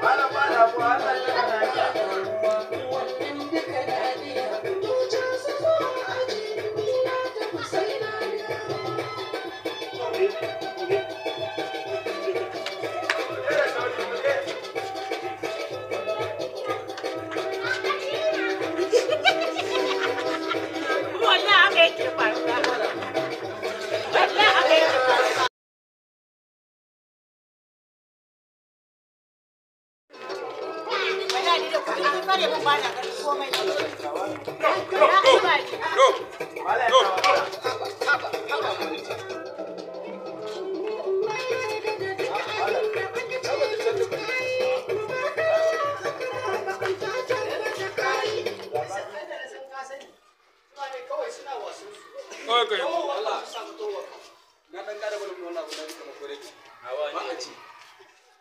Para, para, para, para. ni da kuɗi ki bare mun a ci.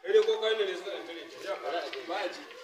Ire a